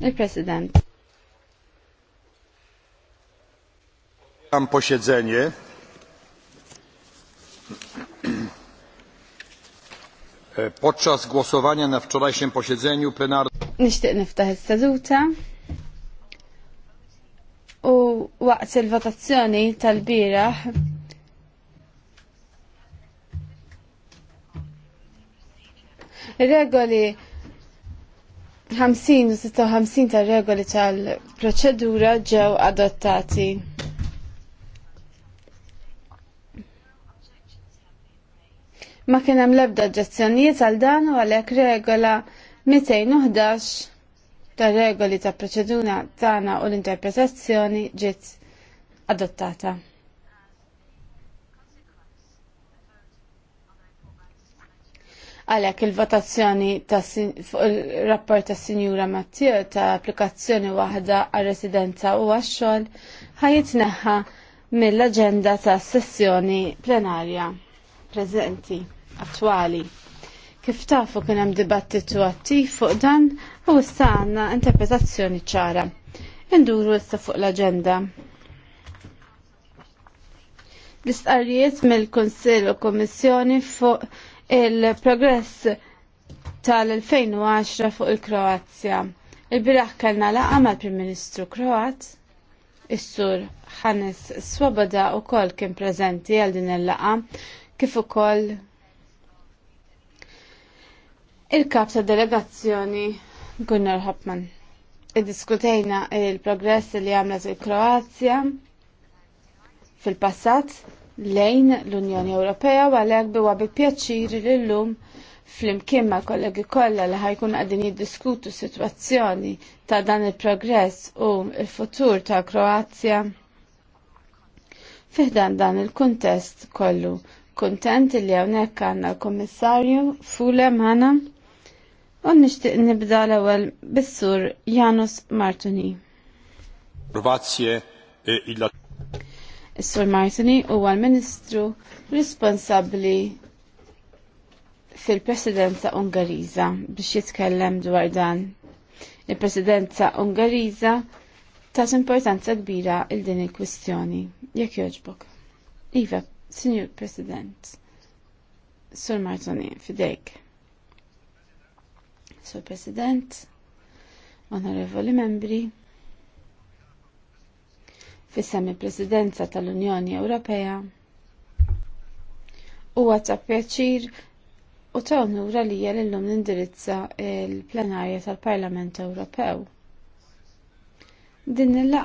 Il-President. Mam posiedzenie. Podczas głosowania na wczorajszym posiedzeniu plenarnym. Nixtieq niftaħ is-seduta. U waqt il-votazzjoni tal-bieraħ regoli 50 u 56 ta' regoli tal-proċedura ġew adottati. Ma kien hemm l-ebda oġġezzjonijiet għal dan u għalhekk regola 211 ta' regoli ta' proċedura tagħna u l-interpretazzjoni ġiet adottata. Għalhekk il-votazzjoni ta' il-rapport ta' Sinjura Mattio ta' applikazzjoni waħda għal-residenza u għaxxol xogħol ħajitneħħa mill agenda ta' sessjoni plenarja preżenti attwali. Kif tafu kien hemm dibattitu attiv fuq dan u issa għandna interpretazzjoni ċara. Induru issa fuq l-aġenda l-istqarrijiet mill-Konsil u Kommissjoni fuq il-progress tal-2010 fuq il-Kroazja. Il-biraħ kellna laqa mal-Prim Ministru Kroat, is-Sur Hannes Swoboda u kol kien preżenti għal din il-laqa kif ukoll il-kap ta' delegazzjoni Gunnar Hopman. Iddiskutejna il-progress li għamlet il-Kroazja fil-passat lejn l-Unjoni Ewropea u għalhekk biwa bi pjaċir lillum flimkien ma' kollegi kollha li ħajkun qegħdin jiddiskutu sitwazzjoni ta' dan il-progress u l-futur ta' Kroazja. Fiħdan dan il-kuntest kollu, kuntent li hawnhekk għandna l-Kummissarju Fule Mana u nixtieq nibda l-ewwel bis-sur Janus Martuni. Provazzje eh, illa Is-Sur Martini huwa l-Ministru responsabbli fil-Presidenza Ungariża biex jitkellem dwar dan. Il-Presidenza Ungariża ta' importanza kbira il din il-kwistjoni. Jekk joġbok. Iva, Signor President, Sur Martini, fidejk. Sur President, Onorevoli Membri, fissem il-Presidenza tal-Unjoni Ewropea. Huwa ta' pjaċir u ta' onura li hija l indirizza l-plenarja tal-Parlament Ewropew. Din il